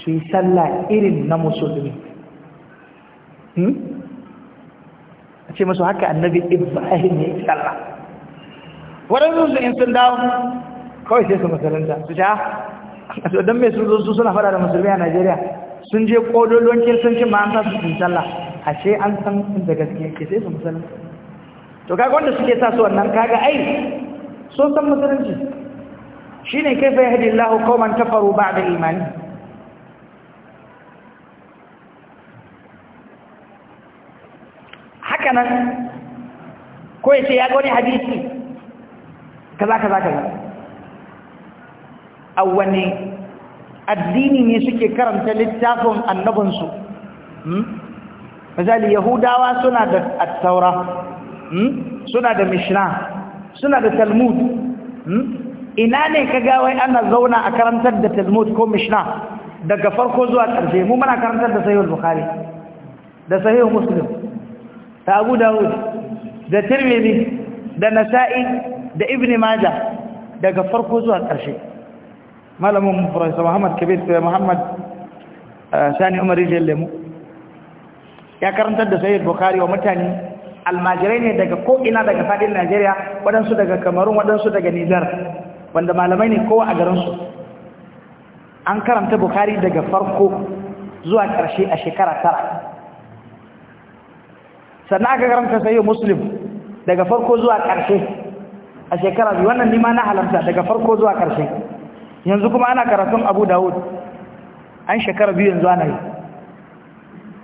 S1: su yi sallah irin na musulmi hmm? a ce masu haka annabi ibrahim ya yi sallah waɗansu su in sun dawo kawai sai su musulunta su ta ah, don mai sun zo suna fada da musulmi a najeriya sun je kodolon kiristanci ma an sa su yi sallah ashe an san inda gaske yake sai su musulunci to kaga wanda suke sa su wannan kaga ai so san musulunci shine kaifa yahdi Allahu qauman kafaru ba'da imani haka nan ko yace ya ga wani hadisi kaza kaza kaza awwani addini ne suke karanta littafin annabinsu hmm? misali yahudawa suna da attaura hmm? suna da mishna suna da talmud hmm? ina ne ka ga wai ana zauna a karantar da talmud ko mishna daga farko zuwa ƙarshe mu muna karantar da sahihul bukhari da sahihul muslim da abu dawud da tirmidhi da nasa'i da ibn majah daga farko zuwa ƙarshe malamin mu professor muhammad kabir muhammad uh, sani umar rijal lemu ya karantar da sayyid bukari wa mutane almajirai ne daga ko'ina daga fadin najeriya waɗansu daga kamarun waɗansu daga nijar wanda malamai ne kowa a garinsu an karanta bukari daga farko zuwa ƙarshe a shekara tara sannan aka karanta sayyid muslim daga farko zuwa ƙarshe a shekara biyu wannan nima na halarta daga farko zuwa ƙarshe yanzu kuma ana karatun abu dawud an shekara biyu yanzu ana yi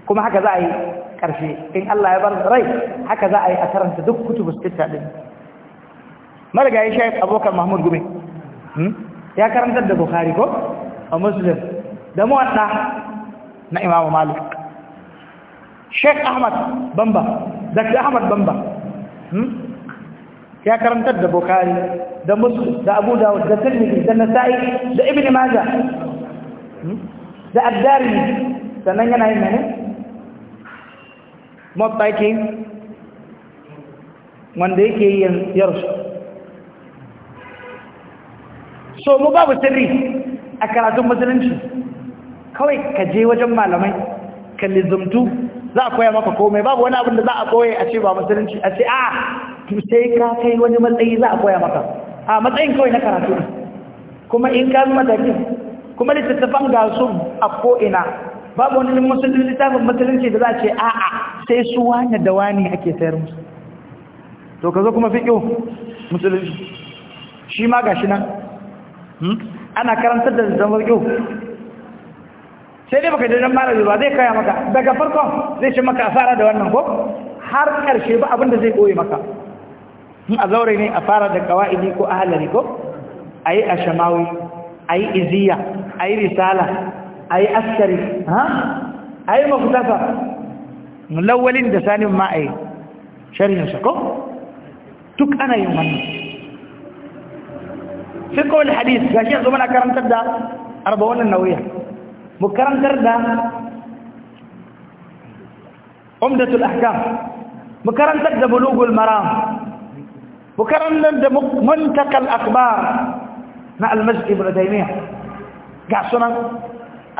S1: kuma haka za a yi ƙarshe in Allah ya bar rai haka za a yi a karanta duk kutubu sitta din marigayi shayi abokan mahmud Gumi. Hmm? ya karanta da bukhari ko a muslim da muwadda na imamu malik sheik ahmad bamba dr ahmad bamba hmm? ya karantar da bukhari da muslim da abu dawud da tirmidhi da nasa'i da ibn majah hmm? da addarimi sannan yana yin ne matsaki wanda yake yin yarsu so mu babu sirri a karatun musulunci kawai ka je wajen malamai ka lizumtu za a koya maka komai babu wani abin da za a koya a ce ba musulunci a ce a ah, sai ka kai wani matsayi za a koya maka a matsayin kawai na karatu kuma in ka matakin kuma littattafan ga su a ko'ina babu wani musulunci littafin musulunci da za a ce a'a sai su wane da wane ake sayar musu to ka zo kuma fiƙo musulunci shi ma ga shi nan hmm? ana karantar da zama fiƙo sai dai baka jirgin mara ba zai kaya maka daga farkon zai ce maka asara da wannan ko har ƙarshe ba abin da zai ɓoye maka hmm, a zaure ne a fara da kawa'idi ko ahalari ko a yi a shamawi a yi iziya a yi risala a yi askari a yi mafutasa ملولين دساني ما اي شرين شكو تك انا يومن
S2: في قول الحديث يا شيخ زمان
S1: كرم تردى أربعون النوية مكرم تردى عمدة الأحكام مكرم تردى بلوغ المرام مكرم تردى منتقى الأخبار مع المسجد ابن تيمية قاسنا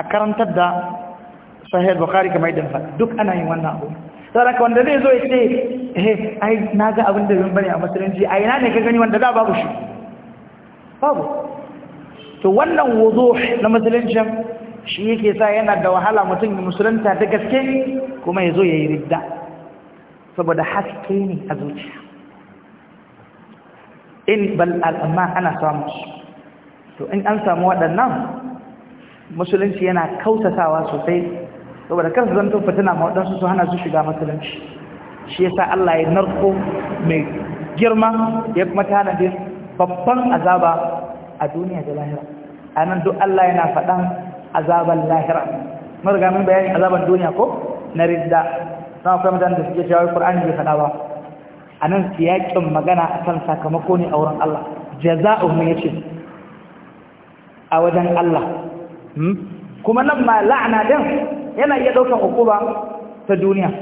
S1: أكرم تردى sahih bukhari kamar idan fa duk ana yin wannan abu saboda wanda zai zo ya ce eh ai naga abin da zan bane a musulunci ai na ne ka gani wanda da babu shi babu to wannan wuduh na musulunci shi yake sa yana da wahala mutum ya musulunta da gaske kuma ya zo ya yi ridda saboda haske ne a zuciya in bal al'amma ana samu to in an samu waɗannan musulunci yana kautatawa sosai saboda kansu zan tofa tana maɗansu su hana su shiga matsalanci shi ya sa Allah ya narko mai girma ya kuma ta tanadin babban azaba a duniya da lahira a nan duk Allah yana faɗan azaban lahira mariga min bayani azaban duniya ko na ridda sama akwai mutane da suke cewa Qur'ani bai faɗa ba a nan siyaƙin magana a kan sakamako ne a wurin Allah jaza'un ya ce a wajen Allah hmm? kuma nan ma la'ana din yana iya daukan hukuma ta duniya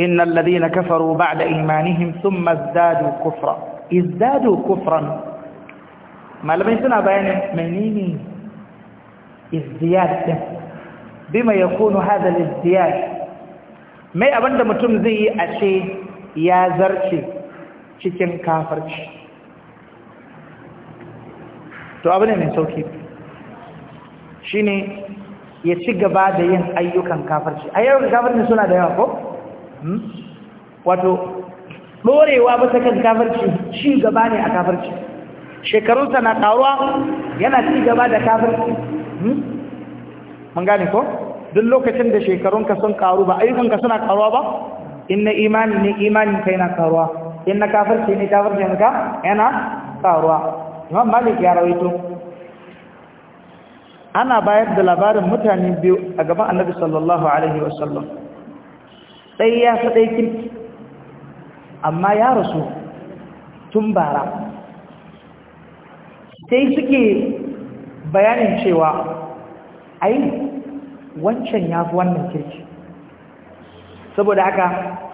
S1: innal ladina kafaru ba'da imanihim thumma zadu kufra izdadu kufran malamai suna bayani menene izdiyad bima yakunu hadha al-izdiyad mai abanda mutum zai yi a ce ya zarce cikin kafirci to abu ne mai sauki shine ya ci gaba da yin ayyukan kafirci ayyukan kafirci suna da yawa ko hmm? wato dorewa bisa kan kafirci ci gaba ne a kafirci shekarunsa na karuwa yana ci gaba da kafirci hmm? mun gane ko duk lokacin da shekarunka sun karu ba ayyukanka suna karuwa ba in na imani ne imanin kai na karuwa in na kafirci ne kafircin ka yana karuwa imam malik ya rawaito ana bayar da labarin mutane biyu a gaban annabi sallallahu alaihi wasallam sai ya fi amma ya rasu tun bara sai suke bayanin cewa ai wancan ya fi wannan kirki saboda haka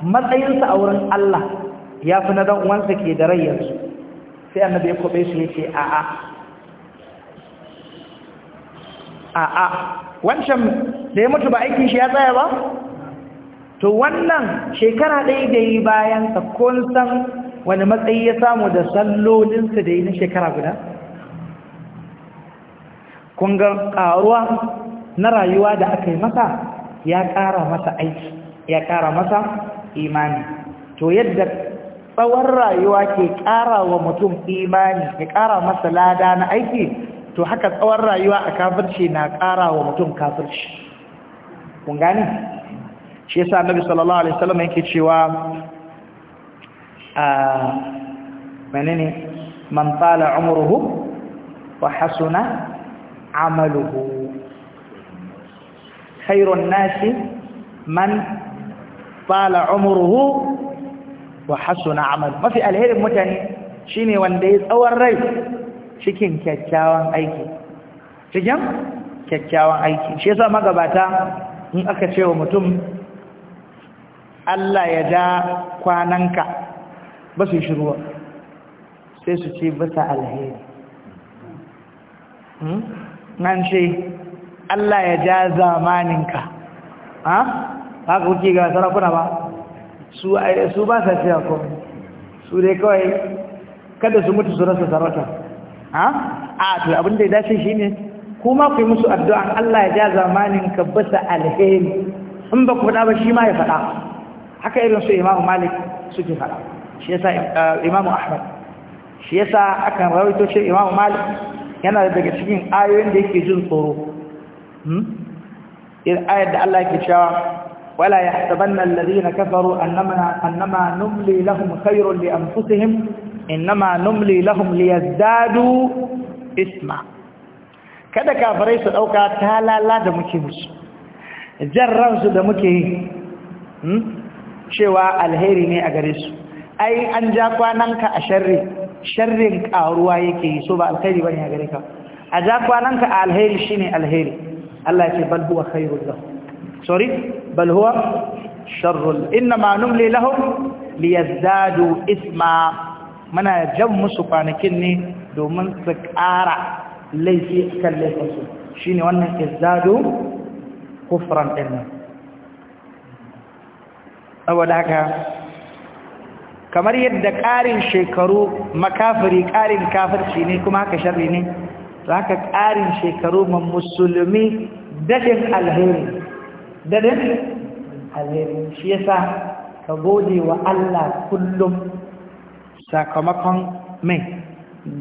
S1: matsayinsa a wurin Allah ya fi na dan uwansa ke da rayyarsu sai annabi ya kwabe su ya ce a'a a'a wancan da ya mutu ba aiki shi ya tsaya ba to wannan shekara ɗaya da yi bayan sakon san wani matsayi ya samu da sallolinsa da yi na shekara guda ƙungar ƙaruwa na rayuwa da aka yi masa ya ƙara masa aiki ya ƙara masa imani to yadda tsawon rayuwa ke ƙara wa mutum imani ya ƙara masa lada na aiki to haka tsawon rayuwa a kafirci na ƙara wa mutum kafirci kun gani shi yasa annabi sallallahu alaihi wasallam yake cewa a ah, menene man tala umruhu wa hasuna amaluhu khairun nasi man tala umruhu wa hasuna amaluhu mafi alherin mutane shine wanda ya tsawon rai cikin kyakkyawan aiki cikin kyakkyawan aiki shi yasa magabata in aka ce wa mutum Allah ya ja kwananka ba su shiruwa sai su ce bisa alheri hmm? nan ce Allah ya ja zamaninka ha ba ka ke ga sarakuna ba su ba sa ce komai su dai kawai kada su mutu su rasa sarauta ha a to abin da ya dace shine kuma ku yi musu addu'a Allah ya ja zamanin ka basa alheri in ba ku faɗa ba shi ma ya faɗa haka irin su Imam Malik suke faɗa shi yasa eh, Imam Ahmad shi yasa akan rawaito shi Imam Malik yana daga cikin ayoyin da yake jin tsoro إذ آية الله كتشاوى ولا يحسبن الذين كفروا أنما, أنما نملي لهم خير لأنفسهم innama numli lahum liyazdadu isma kada kafirai su dauka talala da muke musu jarransu da muke yi cewa alheri ne a gare su ai an ja kwananka a sharri sharrin karuwa yake yi so ba alheri bane a gare ka a ja kwananka a alheri shine alheri Allah ce bal huwa khairul lahum sorry bal huwa sharrul inma numli lahum liyazdadu isma muna jan musu kwanakin ne domin su ƙara laifi kan laifinsu shi ne wannan izzado kufran ɗin saboda haka kamar yadda ƙarin shekaru makafiri ƙarin kafirci ne kuma haka sharri ne za ka ƙarin shekaru ma musulmi daɗin alheri daɗin alheri shi yasa ka gode wa Allah kullum sakamakon mai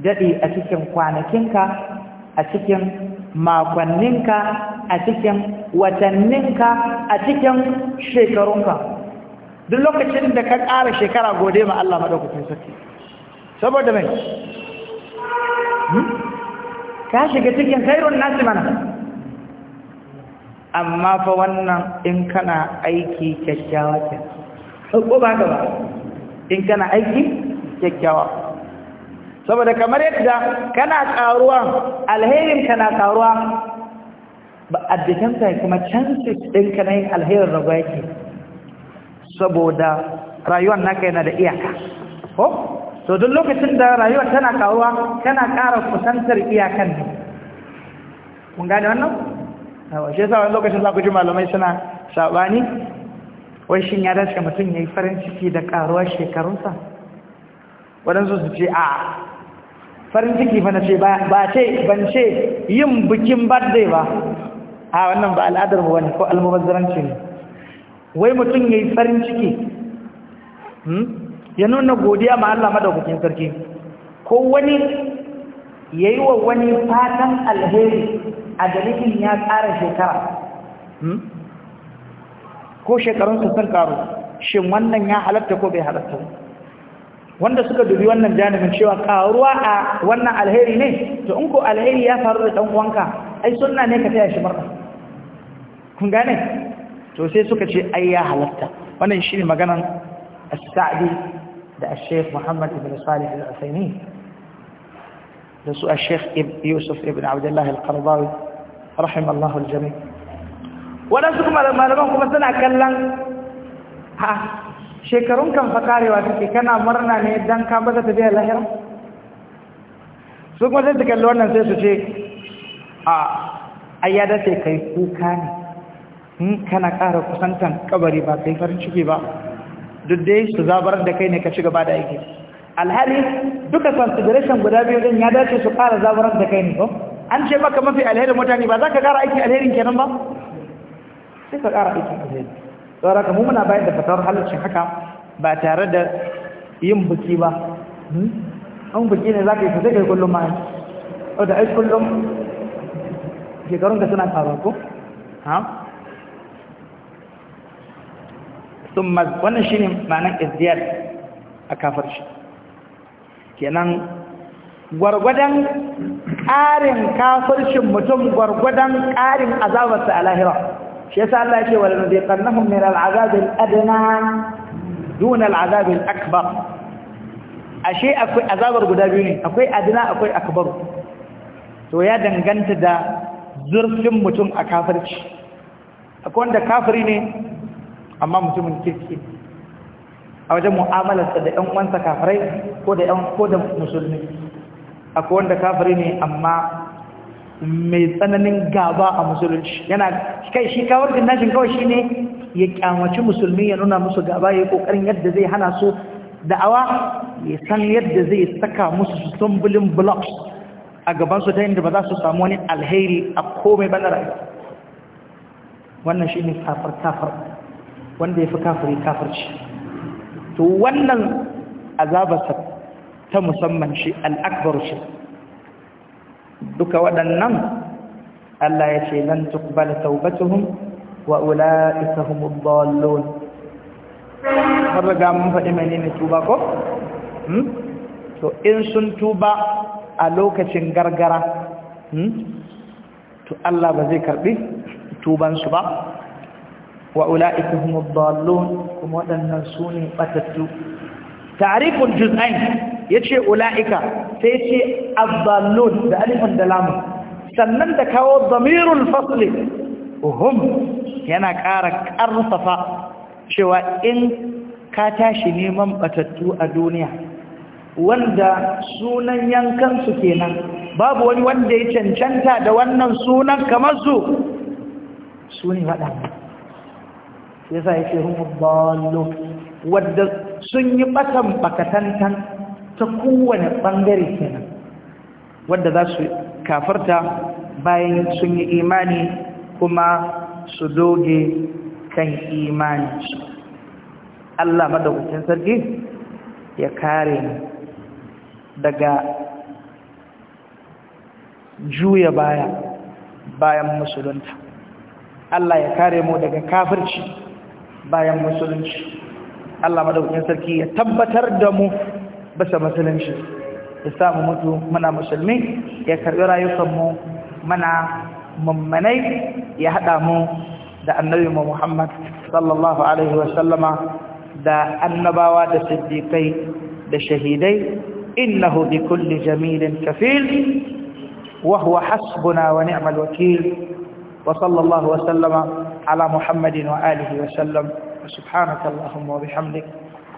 S1: daɗi a cikin kwanakinka a cikin makonninka a cikin watanninka a cikin shekarunka duk lokacin da ka ƙara shekara gode ma Allah maɗaukacin sarki saboda mai hmm? ka shiga cikin khairun nasi mana amma fa wannan in kana aiki kyakkyawa ke, ko ba ka ba in kana aiki kyakkyawa saboda kamar yadda kana karuwa alherin kana karuwa ba addikanka kuma chances ɗinka na yin alherin rabuwa yake saboda rayuwar naka yana da iyaka ko to duk lokacin da rayuwar tana karuwa kana ƙara kusantar iyakan ne kun gane wannan shi yasa wani lokacin za ku ji malamai suna saɓani wai shin ya dace mutum ya yi farin ciki da ƙaruwar shekarunsa waɗansu su ce a farin ciki fa ce ba ce ban ce yin bikin birthday ba a wannan ba al'adar mu wani ko almubazzaranci ne wai mutum ya yi farin ciki hmm, ya nuna godiya ma Allah madaukakin sarki ko wani ya yi wa wani fatan alheri a dalilin ya tsara shekara hmm, ko shekarunsa sun ƙaru shin wannan ya halatta ko bai halatta wanda suka dubi wannan janibin cewa karuwa a wannan alheri ne to in ko alheri ya faru da dan uwanka ai sunna ne ka taya shi murna kun gane to sai suka ce ai ya halatta wannan shine maganan as-sa'di da al-sheikh Muhammad ibn Salih al-Uthaymeen da su al-sheikh Yusuf ibn Abdullah al-Qardawi rahimallahu al-jami' wadansu kuma malaman kuma suna kallon ha shekarun kan fa karewa take kana murna ne dan ka baka biya lahira su kuma sai su kalli wannan sai su ce a ayyada sai kai kuka ne in kana ƙara kusantan kabari ba kai farin ciki ba duk dai su zabar da kai ne ka ci gaba da aiki alhali duka consideration guda biyu din ya dace su ƙara zabar da kai ne ko an ce maka mafi alherin mutane ba za ka ƙara aiki alherin kenan ba sai ka ƙara aiki alherin saboda kamu muna bayar da fatawar halarci haka ba tare da yin buki ba an hmm? buki ne za ka yi su zai kullum ma yau da ai kullum shekarun da suna faruwa ko ha wannan shi ne ma'anar isdiyar a kafar shi kenan gwargwadon ƙarin kafarcin mutum gwargwadon ƙarin azabarsa a lahira shi yasa Allah yake wal nuziqannahum min al'azab al'adna dun al'azab al'akbar ashe akwai azabar guda biyu ne akwai adna akwai akbar to ya danganta da zurfin mutum a kafirci akwai wanda kafiri ne amma mutumin kirki a wajen mu'amalarsa da ƴan uwansa kafirai ko da ƴan ko da musulmi akwai wanda kafiri ne amma mai tsananin gaba a musulunci yana kai shi kawar nashin kawai shi ne ya kyamaci musulmi ya nuna musu gaba ya yi kokarin yadda zai hana su da'awa ya san yadda zai saka musu su tumbulin blocks a gabansu ta yadda ba za su samu wani alheri a komai ba na rayuwa wannan shi ne kafar-kafar wanda ya fi kafar kafirci to wannan azabarsa ta musamman shi al'akbar shi duka waɗannan Allah ya ce lan tuqbala taubatuhum wa ulaika humud dallun har ga mun faɗi menene tuba ko hmm to in sun tuba a lokacin gargara hmm to Allah ba zai karbi tuban su ba wa ulaika humud dallun kuma waɗannan sune batattu ta'riful juz'ain yace ulaika sai ce azzallun da alifan da lamu sannan da kawo zamirul fasli hum yana ƙara ƙarfafa cewa in ka tashi neman batattu a duniya wanda sunan yankansu kenan babu wani wanda ya cancanta da wannan sunan kamar su su ne waɗanda ya sa ya ce wadda sun yi ɓatan ɓakatantan ta kowane ɓangare kenan wadda za su kafarta bayan sun yi imani kuma su doge kan imani Allah madaukakin sarki ya kare ni daga juya baya bayan musulunta Allah ya kare mu daga kafirci bayan musulunci Allah madaukakin sarki ya tabbatar da mu bisa musulunci ya samu mutu muna musulmi ya karbi rayukanmu muna mummanai ya haɗa mu da annabi Muhammad sallallahu alaihi wa sallama da annabawa da siddiqai da shahidai innahu bi kulli jamilin kafil wa huwa hasbuna wa ni'mal wakeel wa sallallahu wa sallama ala Muhammadin wa alihi wa sallam subhanaka allahumma wa bihamdika